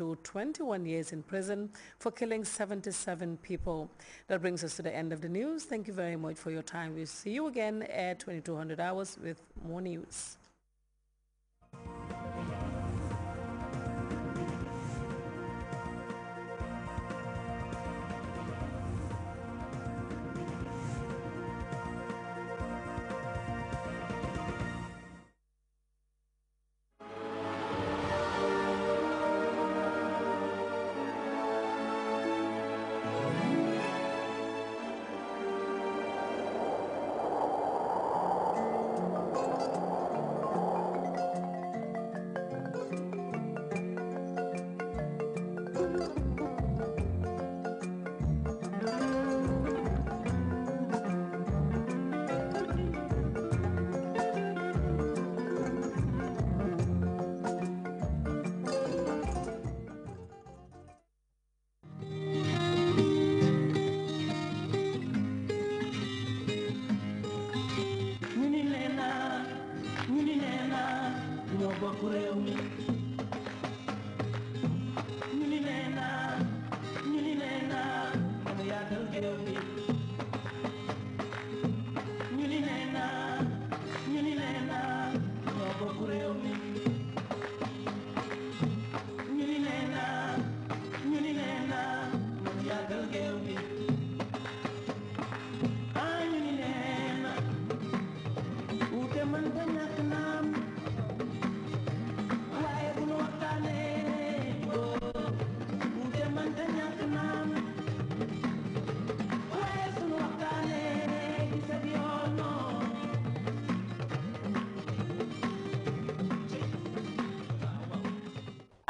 to 21 years in prison for killing 77 people. That brings us to the end of the news. Thank you very much for your time. We'll see you again at 2200 hours with more news.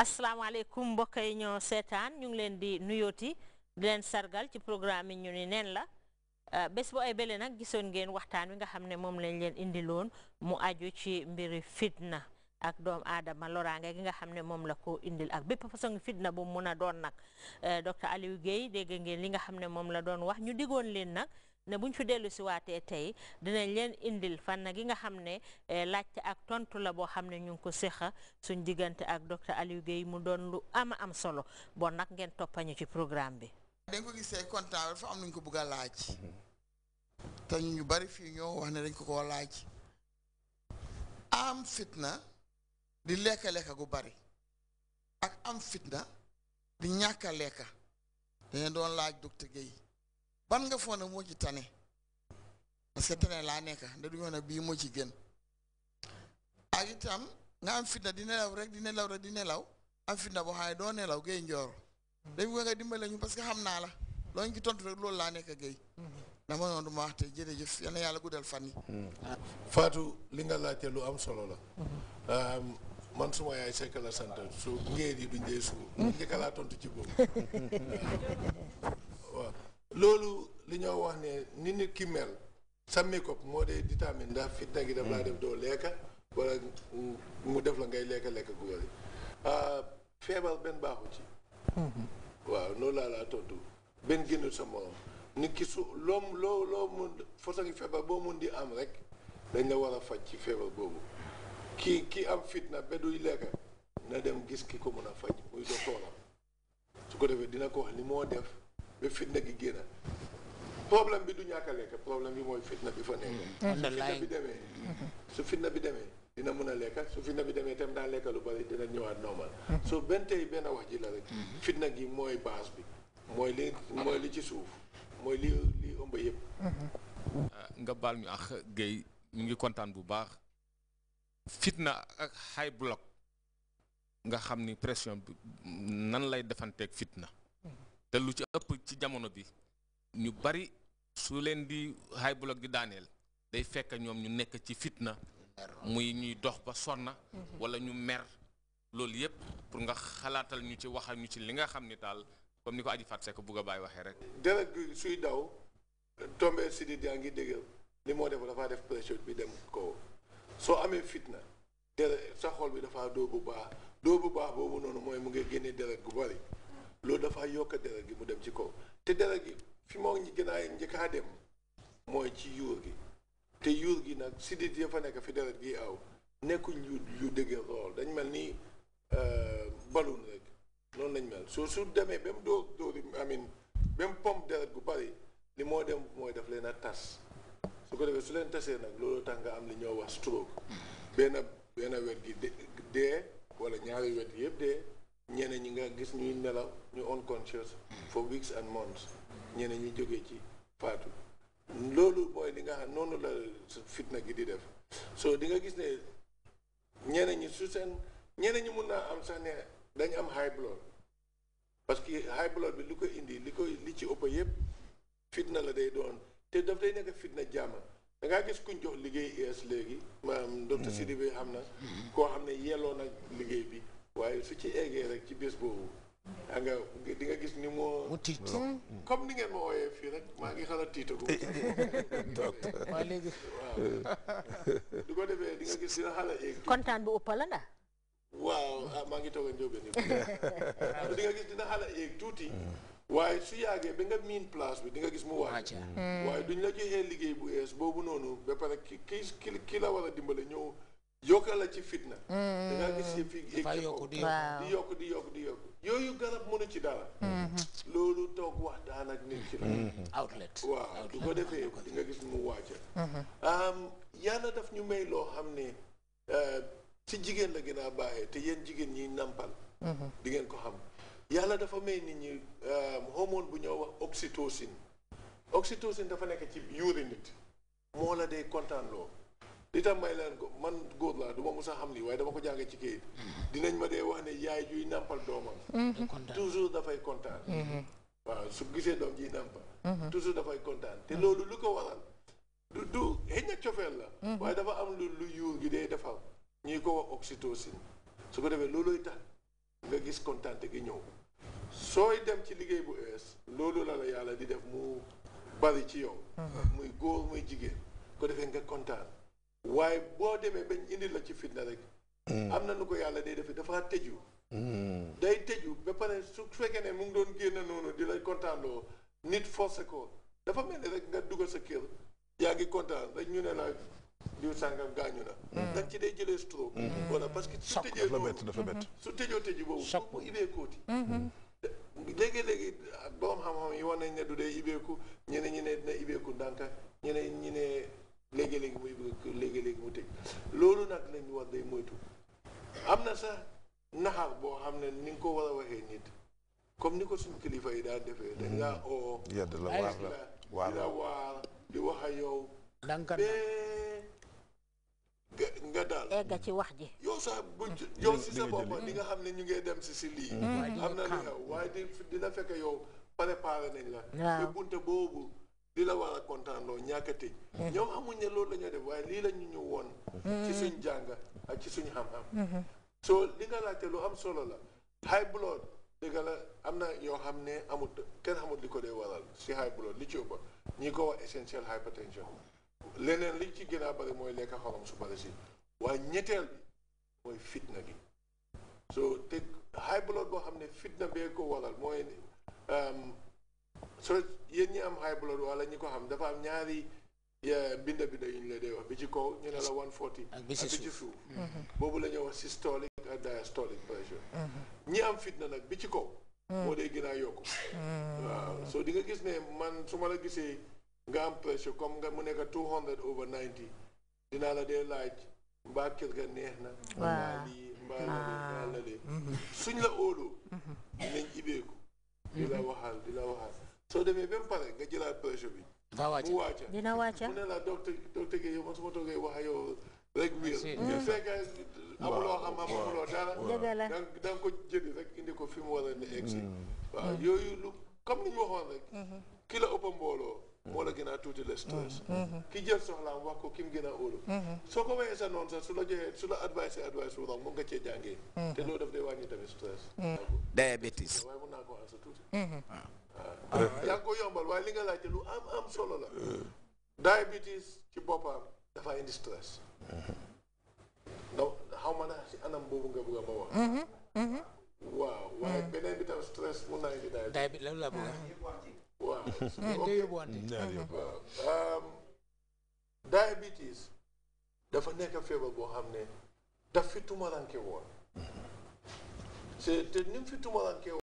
asalaamaaleykum mbokk yi ñoo seetaan ñu ngi leen di nuyooti di leen sargal ci programme yi ñu ni neen la euh, bés bu ay bële nag gisoon ngeen waxtaan wi nga xam ne moom la lañ leen indiloon mu aju ci mbiri fitna ak doom aadama loraange gi nga xam ne moom la ko indil ak bépp façon fitna bu mun a doon nag euh, docteur Aliou Guèye dégg ngeen li nga xam ne moom la doon wax ñu digoon leen nag ne buñ fi dellu waatee tey dinañ leen indil fànn gi nga xam ne eh, laajte ak tontu la boo xam ne ñu ngi ko séqa suñ diggante ak docteur Aliou Guèye mu doon lu ama am solo bon nag ngeen toppañu ci programme bi dañ ko gisee comptable dafa am ko bëgg a laaj bari fii ñoo wax ne ko ko laaj am fitna di lekka-lekka gu bari ak am fitna di ñàkka lekka dañu doon laaj docteur Guèye ban nga foog ne moo ci tane parce tane laa nekk da du ñu ne bii moo ci gën ak itam nga am fitna di nelaw rek di nelaw rek di nelaw am fitna boo xam ne doo nelaw gay njoor dañ ko nga dimbale ñu parce que xam naa la loo ñu ci tontu rek loolu laa nekk gay dama noonu du ma wax te jërëjëf yal na yàlla guddal fan yi Fatou li nga laajte lu am solo la man suma yaay sekk la sant su ngeen yi duñ dee suur njëkk laa tontu ci boobu loolu li ñoo wax ne ni nit ki mel sa make-up moo dee détermine ndax fitna gi daf laa doo lekka wala mu def la ngay lekka lekka gu wari ah, feebar benn baaxu ci mhm. waaw loolu laa laa tontu benn génnul sa morom nit ki su loo loo mun façon ngi feebar boo mun di am rek dañ la war a faj ci feebar boobu ki ki am fitna ba duy lekka na dem gis ki ko mun a faj muy doktooram su ko defee dina ko wax ni moo def ba fitna gi génn problème bi du ñàkk a lekk problème bi mooy fitna bi fa nekk mm-hmm. Mm-hmm. Mm-hmm. su fitna bi demee dina mën a lekka su fitna bi demee tam daa lekka lu bari dina ñëwaat normal so benn tey benn wax ji la rek fitna gi mooy base bi mooy li mooy li ci suuf mooy li li ëmb yëpp nga baal ñu ax Guèye ñu ngi kontaan bu baax fitna ak high block nga xam ni pression nan lay defanteeg fitna te lu ci ëpp ci jamono bi ñu bari su leen di high block di daaneel day fekk ñoom ñu nekk ci fitna muy ñuy dox ba sonna wala ñu mer loolu yépp pour nga xalaatal ñu ci waxal ñu ci li nga xam ni daal comme ni ko aji fat sekk bugg a bàyyi waxee rek deret gi suy daw tombee si dit yaa ngi dégg li moo def dafaa def pression bi dem ko soo amee fitna deret sa xol bi dafa doo bu baax doo bu baax boobu noonu mooy mu ngi génnee deret gu bari loolu dafa yokk deret gi mu dem ci kaw te deret gi fi moo ngi gën a njëkkaa dem mooy ci yuur gi te yuur gi nag sidit ya fa nekk fi deret gi aw nekkuñ yu yu dëgër lool dañ mel ni euh, ballon rek noonu lañ mel so su demee ba mu dóor dóori amin ba mu pompe deret gu bari li moo dem mooy daf leen a tas su ko defee su leen tasee nag loolu tax nga am li ñoo wax stroke hmm. benn benn wet gi dee wala ñaari wet yëpp dee ñeneen ñi nga gis ñuy nelaw ñu unconscious for weeks and months ñene ñi jóge ci faatu loolu mooy li xam noonu la fitna gi di def so di nga gis ne ñeneen ñi su seen ñeneen ñi mun naa am sax ne dañ am high blood parce que high blood bi lu ko indi li koy li ci ëpp yëpp fitna la day doon te daf day nekk fitna jaama da ngaa gis kuñ jox liggéey ES léegi maanaam docteur mm. Sidibé xam na koo xam ne yelloo nag liggéey bi waaye su ci eggee rek ci bés boobu a nga gis ni moo mu tiit mm. comme ni ngeen ma ooyee fii rek maa ngi xalaat tiitagu waa léegi waaw du ko defee di nga gis ah, maa ngi toog a njóobeen ni gis dina xala eeg tuuti mm. waaye si yàggee ba nga miin place bi di nga gis mu wàcc mm. waaye duñ la joxee liggéey bu ees boobu noonu ba pare ki ki ki la war dimbale ñëw yokkal la ci fitna. Mm. da ngaa gis yëpp yi di yokk di yokku di yokku di yokku yooyu garab mënu ci dara. Mm-hmm. loolu toog waxtaan ak nit ki la. Mm-hmm. outlet waaw du ko defee di nga gis mu wàcce. Mm-hmm. yàlla daf ñu may loo xam ne euh, ci jigéen la gën a bàyyee te yéen jigéen ñi nampal. di ngeen ko xam yàlla dafa may nit ñi euh, hormone bu ñoo wax oxytocine oxytocine dafa nekk ci yuuri nit moo la dee kontaan loo. li tax may leen ko man góor laa du ma mos a xam lii waaye dama ko jàngee ci kayit dinañ ma dee wax ne yaay juy nàmpal doomam mhm. toujours dafay kontaan mhm. waaw su gisee doom jiy nàmpal mhm. toujours dafay kontaan te loolu lu ko waral du du xëy cofeel la waaye dafa am lu lu yuur gi dee defal ñuy ko wax oxytocine su ko defee looluy tax gis kontaante gi ñëw dem ci liggéey bu ees loolu la la yàlla di def mu bari ci yow muy góor muy jigéen ko defee nga kontaan waaye boo demee bañ indi la ci fitna rek. am na nu ko yàlla day def dafa tëju. day tëju ba pare su fekkee ne mu ngi doon génn noonu di lay kontaanloo nit forcé ko dafa mel ni rek nga dugal sa kër yaa ngi kontaan rek ñu ne la diw sàngam gaañu na. Mm. da ci day jëlee stroke. Mm-hmm. voilà parce que su tëjee noonu su tëjoo tëju boobu. choc mu ibeekooti. Mm-hmm. Mm-hmm. léegi léegi borom xam-xam yi wax nañ ne du dee ibeeku ñeneen ñi ne dina ibeeku ndànka ñeneen ñi ne. léegi-léegi muy léegi-léegi mu tëj loolu nag lañ war day moytu am na sa naxar boo xam ne ni nga ko war a waxee nit comme ni ko suñ kilifa yi daan defee dañ laa mm-hmm. oo yedd la waar la waar di wax a yow danka nga daal wax ji yow sax bu si sa nga xam ne ñu ngee dem si si lii mm-hmm. am na fekk yow préparé nañ la te bunte boobu li la war a kontaan loo ñàkkati mm-hmm. ñoom xamuñ ne loolu la def waaye lii lañu ñu ñu woon mm-hmm. ci suñ jàng ak ci suñu xam-xam mm-hmm. soo li nga laajte lu am solo la high blood dëgg la am na yoo xam ne amut kenn xamut li ko dee waral si high blood li ci ëpp ñi ko wax essential hypertension leneen li ci gën a bari mooy lekk xorom su bari si waaye ñetteel bi mooy fitna gi so te high blood boo xam ne fitna bee ko waral mooy um, so yéen ñi am high blood wala ñi ko xam dafa am ñaari binda binda yu ñu la dee wax bi ci kaw ñu ne la 140 ak bi ci suuf mm-hmm. boobu la ñuy wax systolic ak diastolic pressure mm-hmm. ñi am fitna nag bi ci kaw mm. moo dee gën a yokku mm. waaw so di gis ne man su ma la gisee nga am pressure comme nga mu nekk 200 over 90 dinaa la dee laaj mbaa kër ga neex na mbaa lii mbaa la de ah. suñ la mm-hmm. óoloo dinañ ibeeku di waxal di waxal soo demee ba mu pare nga jëlaat pressure bi. dina wàcca mu wàcca dina wàcca mu ne la docteur docteur Guèye yow man xam amuloo la da nga ko jënd a mm. mm-hmm. ki la ëpp mbooloo. moo la a tuuti mm-hmm. Mm-hmm. a la joxee waaye mun naa ko wax sa tuuti. Ah. Ah, yaa ngi ko yombal waaye li nga laajte lu am am solo la diabetes ci boppam dafa indi stress donc xaw ma naa si anam boobu nga bëgg a ma wax mhm, mhm. waaw waaye mhm. beneen bi tam stress mun naa indi diabetes lan la bëgg waaw um, diabetes dafa nekk feebar boo xam ne daf fi tumaranke woon te te ni fi tumaranke